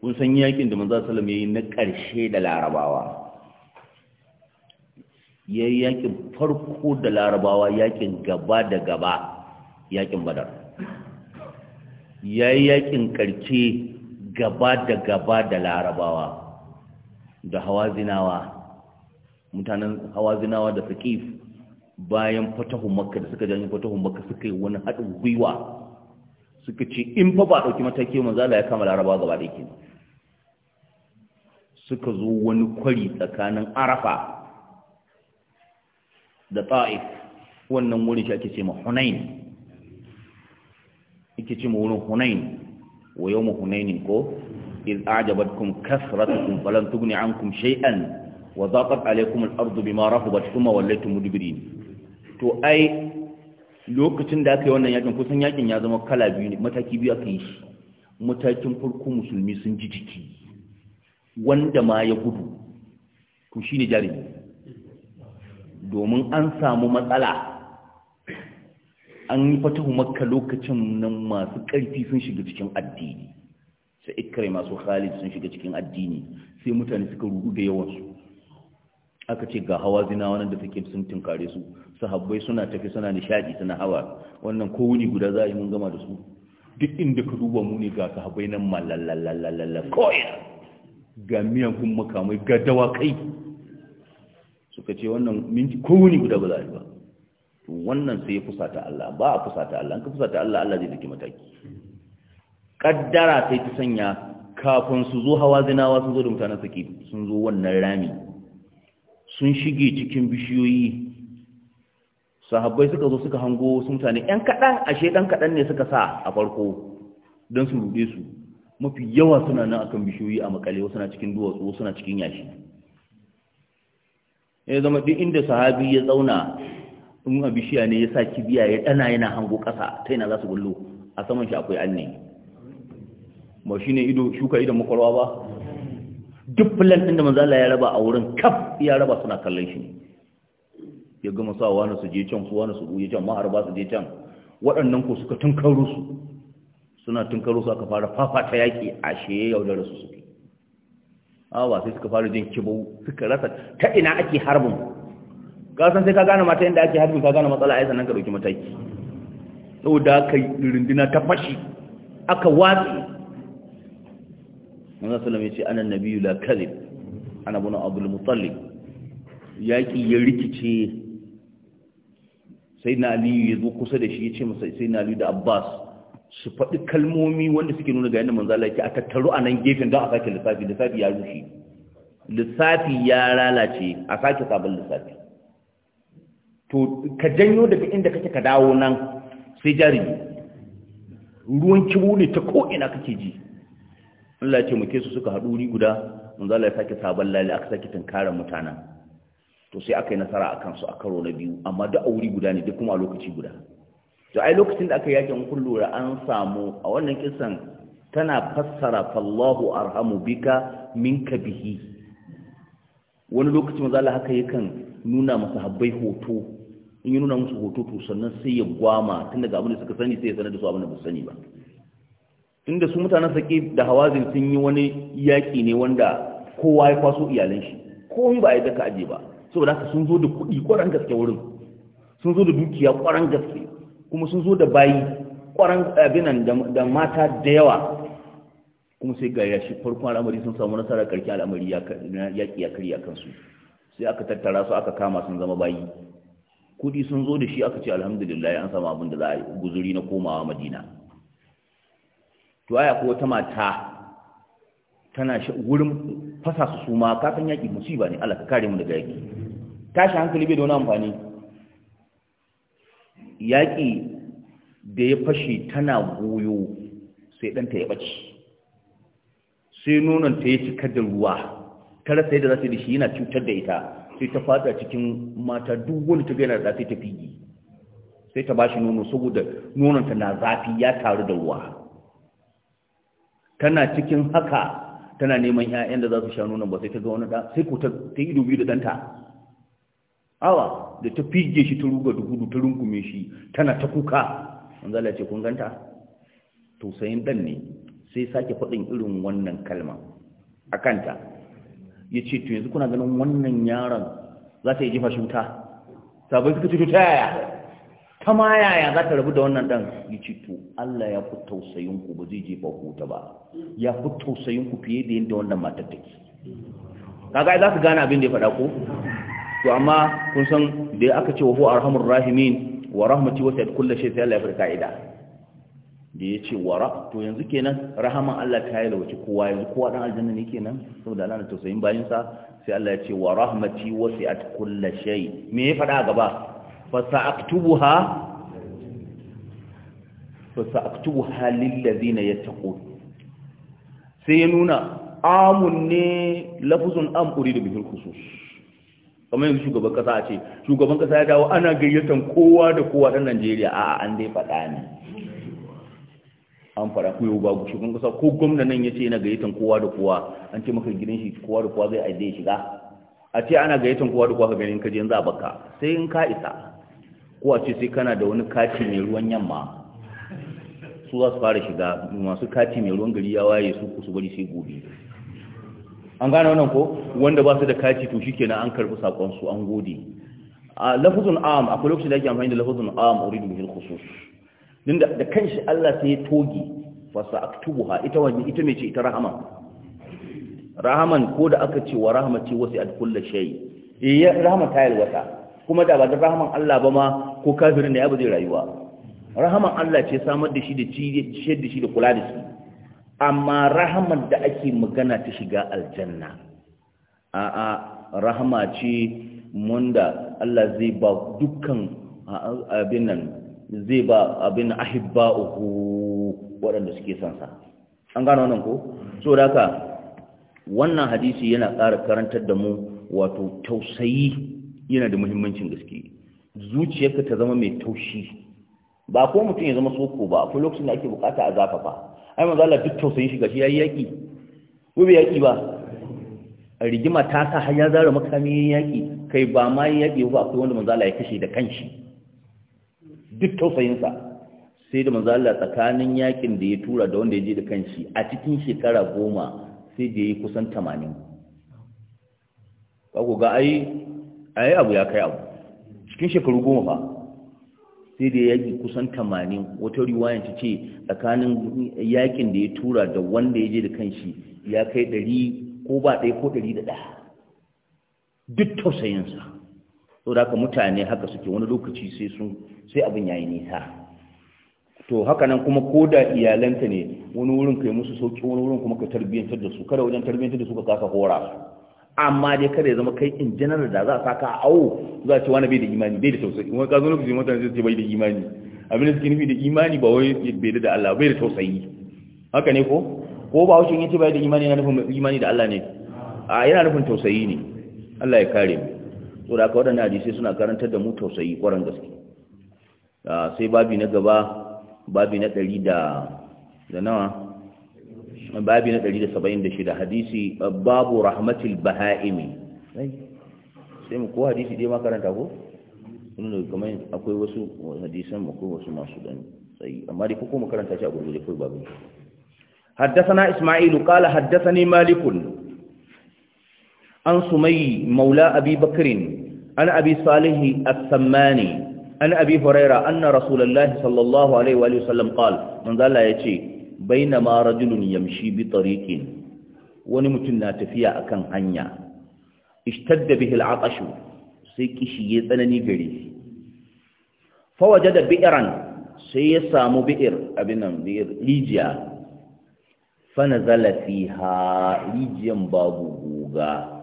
kun san yakin da manzo sallam yayi na ƙarshe da larabawa yayi yakin farko da larabawa yakin gaba da gaba yakin badar yayi yakin ƙarshe gaba da gaba da larabawa da hawazinawa mutanen hawazinawa da faqif bayan fatahun makka da suka janyo fatahun makka suka yi wani haɗin gwiwa suka ce in fa ba ɗauki mataki manzala ya kama laraba gaba da yake suka zo wani kwari tsakanin arafa da ta'if wannan wurin shi ake ce ma hunain ake ce ma wurin hunain wa yau ma hunainin ko iz ajabatkum kasratukum falan tughni ankum shay'an wa zaqat alaykum al-ardu bima rahabat thumma wallaytum mudbirin to ai lokacin da aka yi wannan yakin kusan yakin ya zama kala biyu ne mataki biyu aka yi shi matakin farko musulmi sun ji jiki wanda ma ya gudu to ne jarumi domin an samu matsala an yi fatahu makka lokacin nan masu ƙarfi sun shiga cikin addini sai ikirai masu khalid sun shiga cikin addini sai mutane suka rudu da yawansu aka ce ga hawa zinawa nan da take sun tunkare su sahabbai suna tafi suna nishadi suna hawa wannan ko wuni guda za a yi mun gama da su duk inda ka duba mu ne ga sahabbai nan malalalalalala koya ga miyan kun makamai ga dawakai suka ce wannan minti ko wuni guda ba za a yi ba wannan sai ya fusata Allah ba a fusata Allah an ka fusata Allah Allah zai dake mataki kaddara sai ta sanya kafin su zo hawa zinawa sun zo da mutanen saki sun zo wannan rami sun shige cikin bishiyoyi sahabbai suka zo suka hango su mutane 'yan kaɗan ashe ɗan kaɗan ne suka sa a farko don su ruɗe su mafi yawa suna nan akan bishiyoyi a makale wasu na cikin duwatsu wasu na cikin yashi ya zama duk inda sahabi ya zauna in a bishiya ne ya sa kibiya ya ɗana yana hango ƙasa ta yana za su gullo a saman shi akwai anne ba shi ne ido shuka idan makwarwa ba duk filan ɗin da manzala ya raba a wurin kaf ya raba suna kallon shi ne ya gama sa wani su je can su wani su buye can maharba su je can waɗannan ko suka tunkaro su suna tunkaro su aka fara fafata yaƙi ashe yaudara su suke awa sai suka fara jin kibau suka rasa ta ina ake harbin san sai ka gane mata yadda ake harbin ka gane matsala a yasa nan ka ɗauki mataki saboda aka rundina ta fashi aka watsi manzan su lamai ce anan nabiyu la kalib ana abu abdul mutallib yaƙi ya rikice sai na aliyu ya zo kusa da shi ya ce masa sai na aliyu da abbas su faɗi kalmomi wanda suke nuna ga yadda manzala yake a tattaru a nan gefen don a sake lissafi lissafi ya rushe lissafi ya lalace a sake sabon lissafi to ka janyo daga inda kake ka dawo nan sai jarumi ruwan kiwo ne ta ko'ina kake ji Allah ya ce su suka haɗu wuri guda manzala ya sake sabon lali aka sake tunkarar mutanen to sai aka yi nasara a kansu a karo na biyu amma duk a wuri guda ne duk kuma a lokaci guda to ai lokacin da aka yakin kun an samu a wannan kisan tana fassara fallahu arhamu bika minka bihi wani lokacin manzo Allah haka yakan nuna masa habbai hoto in yi nuna musu hoto to sannan sai ya gwama tun daga abin da suka sani sai ya sanar da su abin da ba sani ba Inda su mutanen saki da hawazin sun yi wani yaƙi ne wanda kowa ya kwaso iyalan shi komai ba a yi daka aje ba saboda haka sun zo da kuɗi ƙwaran gaske wurin sun zo da dukiya ƙwaran gaske kuma sun zo da bayi ƙwaran abinan da mata da yawa kuma sai ga yashi farkon al'amari sun samu nasara karki al'amari ya yaƙi ya kansu sai aka tattara su aka kama sun zama bayi kuɗi sun zo da shi aka ce alhamdulillah an samu abin da za a yi guzuri na komawa madina to aya ko wata mata tana wurin fasa su su ma kafin yaƙi yaki musiba ne Allah ka kare mu daga yaki tashi hankali bai da wani amfani Yaƙi da ya fashe tana goyo sai ɗanta ya ɓace sai nonon ta ya cikar da ruwa ta rasa yadda za ta yi da shi yana cutar da ita sai ta fada cikin mata duk wani ta gaina da sai ta fi sai ta bashi nono saboda nononta na zafi ya taru da ruwa tana cikin haka tana neman ƴaƴan da za su sha nonon ba sai ta ga wani ɗa sai ko ta yi dubi da ɗanta awa da ta fige shi ta ruga da hudu ta rungume shi tana ta kuka an zala ce kun ganta tausayin ɗan ne sai sake faɗin irin wannan kalma a kanta ya ce to yanzu kuna ganin wannan yaron za ta yi jifa shi sabai suka ce to ta yaya ta ma yaya za ta rabu da wannan ɗan ya ce to Allah ya fi tausayinku ba zai jefa ku ta ba ya fi tausayinku fiye da yadda wannan matar take kaga za su gane abin da ya faɗa ko to amma kun san da aka ce wa huwa arhamur rahimin wa rahmati wasi'at kulli shay sai Allah ya fi ka'ida. da ya ce wara? to yanzu kenan rahaman Allah ta yi lawaci kowa yanzu kowa dan aljanna ne kenan saboda Allah na tausayin bayinsa sa sai Allah ya ce wa rahmati sayyid kullu shay me ya faɗa gaba فسأكتبها فسأكتبها للذين sai nuna amun ne lafuzun am uridu da bihul khusus kamar yanzu shugaban kasa a ce shugaban kasa ya dawo ana gayyatan kowa da kowa ta Najeriya a'a an dai faɗa ne an fara koyo ba babu shugaban kasa ko gwamnatin yace ya ce yana gayyatan kowa da kowa an ce maka gidan shi kowa da kowa zai aje shiga a ce ana gayyatan kowa da kowa ka ganin ka je yanzu a baka sai in ka isa ko a ce sai kana da wani kati mai ruwan yamma su za su fara shiga masu kati mai ruwan gari ya waye su ku su bari sai gobe an gane wannan ko wanda ba su da kati to shi kenan an karbi sakon su an gode a lafuzun am akwai lokacin da ake amfani da lafuzun am uridu bil khusus din da kanshi Allah sai ya toge fa sa'aktubuha ita wani ita mai ce ita rahama rahaman ko da aka ce wa ce wasi ad kullu shay eh rahama ta yalwata kuma da ba da rahaman Allah ba ma ko kafirin da ya ba rayuwa rahaman Allah ce samar da shi da ciyar da shi da kula da shi amma rahaman da ake magana ta shiga aljanna a'a rahama ce munda Allah zai ba dukkan abin nan zai ba abin ahibba'uhu waɗanda suke son sa an gano wannan ko so da haka wannan hadisi yana ƙara karantar da mu wato tausayi yana da muhimmancin gaske zuciyarka ta zama mai taushi ba ko mutum ya zama soko ba akwai lokacin da ake bukata a zafafa ai manzo Allah duk tausayin shi gashi yayi yaki ko bai yaki ba a rigima ta sa har ya zara makami yaki kai ba ma yaki ba akwai wanda manzo Allah ya kashe da kanshi duk tausayin sa sai da manzo Allah tsakanin yakin da ya tura da wanda ya je da kanshi a cikin shekara goma sai da yayi kusan 80 kago ga ai yi abu ya kai abu cikin shekaru goma ba. sai da ya yaƙi kusan tamanin wata riwayan ta ce tsakanin yaƙin da ya tura da wanda ya je da shi ya kai ɗari ko ba ɗaya ko ɗari da ɗaya duk tausayinsa sau da haka mutane haka suke wani lokaci sai sun sai abin yayi nisa to haka nan kuma ko da iyalanta ne wani wurin kai musu sauki wani wurin kuma ka tarbiyyantar da su kada wajen tarbiyyantar da su ka kasa hora amma dai kada ya zama kai in janar da za a saka a awo za a ce wani bai da imani bai da tausayi wani kazo lokacin mutan zai ce bai da imani abin da suke nufi da imani ba wai bai da Allah bai da tausayi haka ne ko ko ba wucin yace bai da imani yana nufin imani da Allah ne a yana nufin tausayi ne Allah ya kare mu to da aka waɗannan hadisi suna karantar da mu tausayi ƙoran gaske sai babi na gaba babi na ɗari da da nawa babi na 176 hadisi babu rahmatul baha'imi sai mu ko hadisi dai makaranta ko inda kamar akwai wasu hadisan wasu masu dan sai amma dai shi a kai babu حدثنا إسماعيل قال حدثني مالك عن سمي مولى أبي بكر عن أبي صالح الثماني عن أبي هريرة أن رسول الله صلى الله عليه وآله وسلم قال من ذا لا Baina ma rajulun yamshi bi tariqin wani mutum na tafiya akan hanya ishtadda bihi al'atashu sai kishi ya tsanani gare shi fa wajada bi'ran sai ya samu bi'ir abin nan bi'ir rijiya fa nazala fiha rijiyan babu guga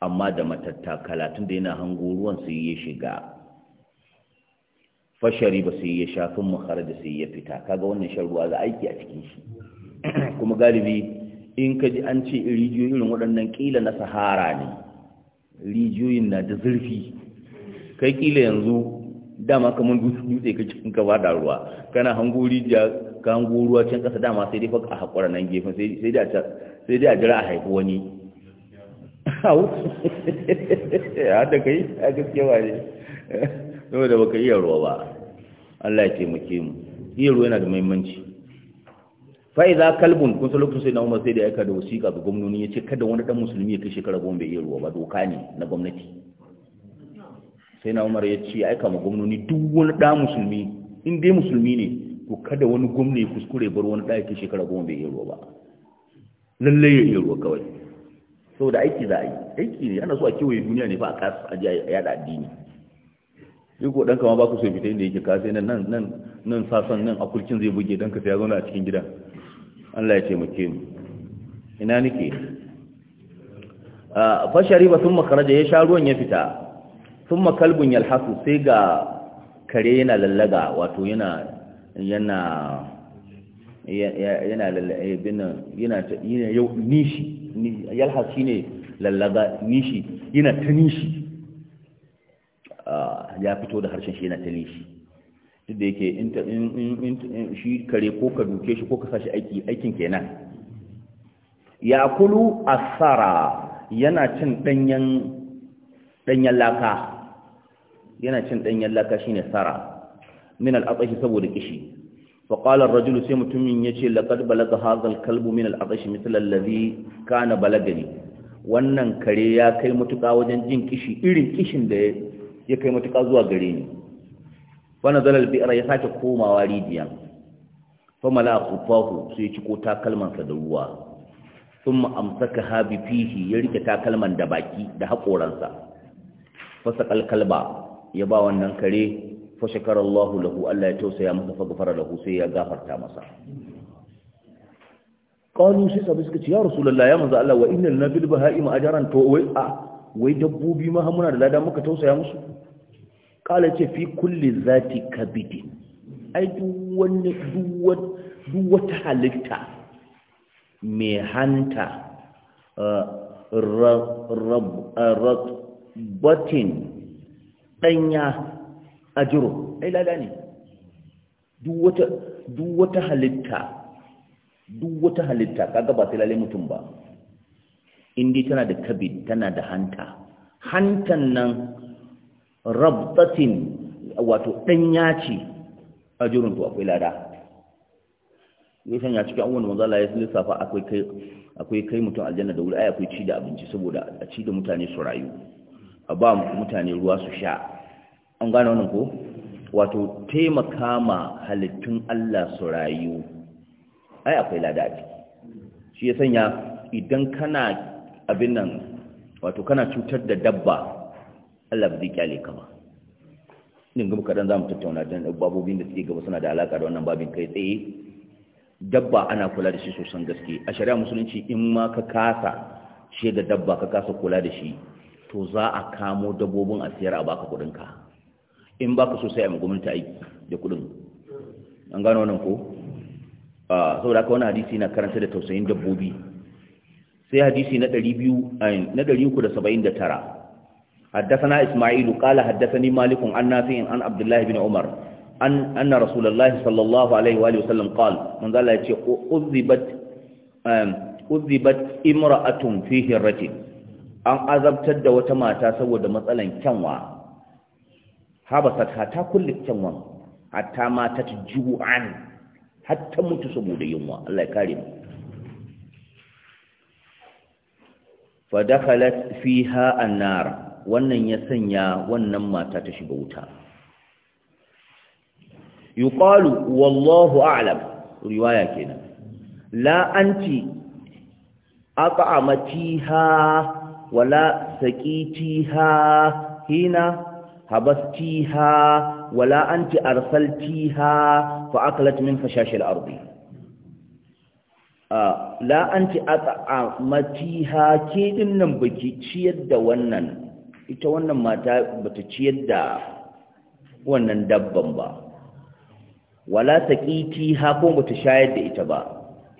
amma da matattakala tunda yana hango ruwan sai ya shiga fashari ba sai ya shafin makara da sai ya fita kaga wannan shan ruwa za aiki a cikin shi kuma galibi in ka ji an ce rijiyoyin irin waɗannan ƙila na sahara ne rijiyoyin na da zurfi kai ƙila yanzu dama kamar dutse ka cikin ka da ruwa kana hango rijiya ka hango ruwa can ƙasa dama sai dai fa a haƙura nan gefen sai dai a jira a haifi wani hau hada kai a gaskiya ba ne saboda baka iya ruwa ba Allah ya taimake mu ruwa yana da muhimmanci fa idza kalbun kun sa lokacin sai na Umar sai da aika da wasiƙa ga gwamnoni ce kada wani dan musulmi ya kai shekara goma bai iya ruwa ba doka ne na gwamnati sai na Umar ya ce aika ma gwamnoni duk wani dan musulmi in dai musulmi ne to kada wani gwamna ya kuskure bar wani dan ya kai shekara goma bai iya ruwa ba lalle ya iya ruwa kawai saboda aiki za a yi aiki ne ana so a kewaye duniya ne fa a kasa a yada addini shi ko ɗanka ma ba ku so fita inda yake ka sai nan nan nan sasan nan a kulkin zai buge ɗanka sai ya zauna a cikin gida Allah ya taimake mu ina nake ah, fa shariba sun makaraja ya sha ruwan ya fita sun makalbin yalhasu sai ga kare yana lallaga wato yana yana yana eh, yana nishi yalhasu shine lallaga nishi yana ta nishi ya fito da harshen shi yana ta shi duk da yake in shi kare ko ka duke shi ko ka sashi aiki aikin kenan ya kulu asara yana cin danyen danyen laka yana cin danyen laka shine sara min al-atashi saboda kishi fa qala ar-rajulu sai mutumin yace laqad balaga hadha al-kalbu min al-atashi mithla alladhi kana balagani wannan kare ya kai mutuka wajen jin kishi irin kishin da ya kai matuƙa zuwa gare ni wani zalal bi'ara ya sake komawa rijiyan famala kufahu sai ciko takalmansa da ruwa sun ma'amsaka habi fihi ya rike takalman da baki da haƙoransa fasa kalba ya ba wannan kare fa shakarallahu lahu Allah ya tausaya masa gafara lahu sai ya gafarta masa ƙalu sai sabi suka ce ya rasulullahi ya manzo Allah wa inna nabil baha'im ajran to wai a wai dabbobi ma muna da lada muka tausaya musu kala ce fi kulli zati kabidi ai duk wata halitta mai hanta eh, eh, batin ɗanya a jiro ai lada ne duk halitta duk halitta kaga ba sai lalai mutum ba indi tana da kabid tana da hanta hantan nan rabbatin wato danya ce ajurun to akwai lada nisan ya cikin wani manzala ya safa akwai kai akwai kai mutum aljanna da wuri ai akwai ci da abinci saboda a ci da mutane su rayu a ba mutane ruwa su sha an gane wannan ko wato taimaka ma halittun Allah su rayu ai akwai lada a ciki shi ya sanya idan kana abin nan wato kana cutar da dabba Allah ba zai kyale ka ba ɗin gaba kaɗan za mu tattauna don babobin da suke gaba suna da alaƙa da wannan babin kai tsaye dabba ana kula da shi sosan gaske a shari'a musulunci in ma ka kasa ce da dabba ka kasa kula da shi to za a kamo dabbobin a siyar a baka kuɗinka in baka so sai a gwamnati aiki da kuɗin an gano wannan ko ah, saboda haka wani hadisi na karanta da tausayin dabbobi sai hadisi na ɗari biyu na ɗari uku da saba'in da tara haddasana isma'ilu ƙala haddasani malikun an nafi an abdullahi bin umar an anna rasulallahi sallallahu alaihi wa sallam qal man zalla yace uzibat um, uzibat imra'atun fi hirrati an azabtar da wata mata saboda matsalan kyanwa habasat hata kulle kyanwa hatta matat ju'an hatta mutu saboda yunwa Allah ya kare mu fa fiha annar wannan ya sanya wannan mata ta shiga wuta yuqalu wallahu a'lam riwaya kenan la anti at'amatiha wala saqitiha hina habastiha wala anti arsaltiha fa akalat min fashash al-ardi la anti at'amatiha ke nan baki ciyar da wannan ita wannan mata bata ciyar da wannan dabban ba wala taqiti ha ko bata shayar da ita ba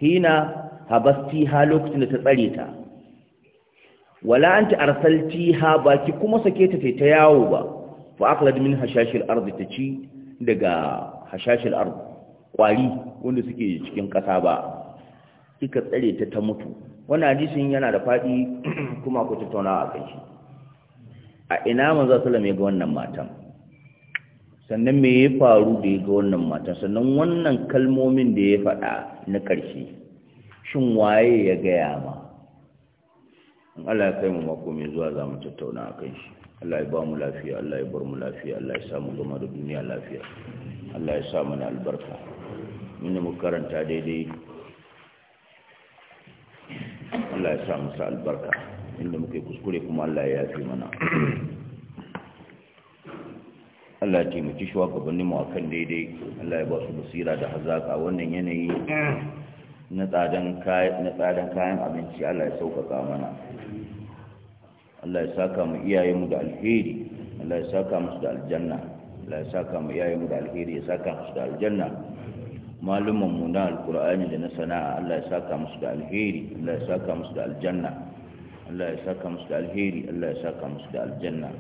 hina habasti ha lokacin da ta tsare ta wala anti arsalti ha baki kuma sake ta ta yawo ba fa aqlad min hashashil ardi ci daga hashashil ardi kwari wanda suke cikin ƙasa ba Kika tsare ta ta mutu wannan hadisin yana da faɗi kuma ku tattauna a kai a ina manzo sallallahu alaihi ga wannan matan sannan me ya faru da ya ga wannan matan sannan wannan kalmomin da ya faɗa na ƙarshe shin waye ya gaya ma in Allah ya kai mu mako mai zuwa za mu tattauna a kai Allah ya ba mu lafiya Allah ya bar mu lafiya Allah ya sa mu zama da duniya lafiya Allah ya sa mana albarka mun mu karanta daidai Allah ya sa musu albarka inda muke kuskure kuma Allah ya yafe mana Allah ya taimaki shugabannin mu akan daidai Allah ya ba su basira da hazaka wannan yanayi na tsadan kayan abinci Allah ya sauƙaƙa mana Allah ya saka mu mu da alheri Allah ya saka musu da aljanna Allah ya saka mu mu da alheri ya saka musu da aljanna malumman mu na alkur'ani da na sana'a Allah ya saka musu da alheri Allah ya saka musu da aljanna Allah ya saka musu da alheri Allah ya saka musu da aljanna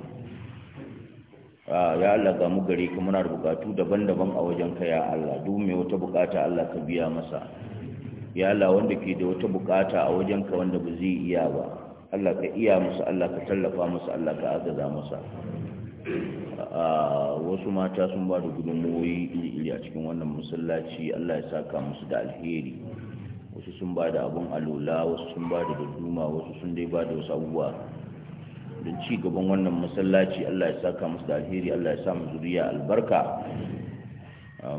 ya Allah ga mu gare ka muna bukatu daban-daban a wajen ka ya Allah duk mai wata bukata Allah ka biya masa ya Allah wanda ke da wata bukata a wajen ka wanda ba zai iya ba Allah ka iya musu Allah ka tallafa musu Allah ka agaza musu wasu mata sun ba da gudunmuwoyi iri-iri a cikin wannan musallaci allah ya saka musu da alheri wasu sun ba da abun alola wasu sun ba da duduma wasu sun dai ba da wasu abubuwa don ci gaban wannan masallaci allah ya saka musu da alheri allah ya sa mu zuriya albarka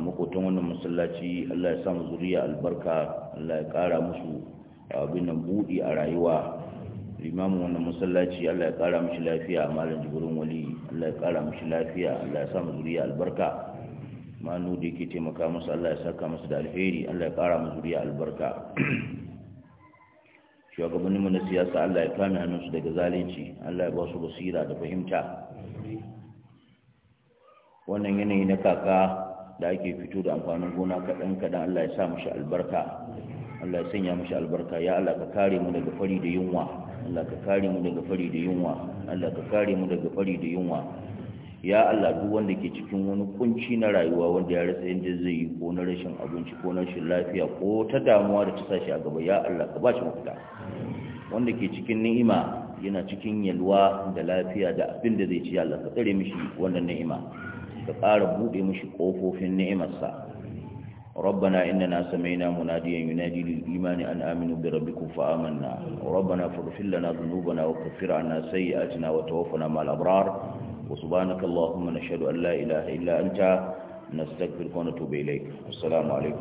makotan wannan masallaci allah ya sa mu zuriya albarka allah ya kara musu abin nan budi a rayuwa limamin wannan masallaci Allah ya kara mishi lafiya malam jibrin wali Allah ya kara mishi lafiya Allah ya sa mu zuriya albarka manu da yake taimaka musu Allah ya saka musu da alheri Allah ya kara mu zuriya albarka shugabannin mu na siyasa Allah ya kame hannunsu daga zalunci Allah ya ba su basira da fahimta wannan yanayi na kaka da ake fito da amfanin gona kaɗan kaɗan Allah ya sa mishi albarka Allah ya sanya mishi albarka ya Allah ka kare mu daga fari da yunwa Allah ka kare mu daga fari da yunwa Allah ka kare mu daga fari da yunwa ya Allah duk wanda ke cikin wani kunci na rayuwa wanda ya rasa yadda zai yi ko na rashin abinci ko na rashin lafiya ko ta damuwa da ta sashi a gaba ya Allah ka bashi mafita wanda ke cikin ni'ima yana cikin yalwa da lafiya da abin da zai ci Allah ka tsare mishi wannan ni'ima ka ƙara buɗe mishi ƙofofin ni'imarsa ربنا إننا سمعنا مناديا ينادي للإيمان أن آمنوا بربكم فآمنا ربنا فغفر لنا ذنوبنا وكفر عنا سيئاتنا وتوفنا مع الأبرار وسبحانك اللهم نشهد أن لا إله إلا أنت نستغفرك ونتوب إليك السلام عليكم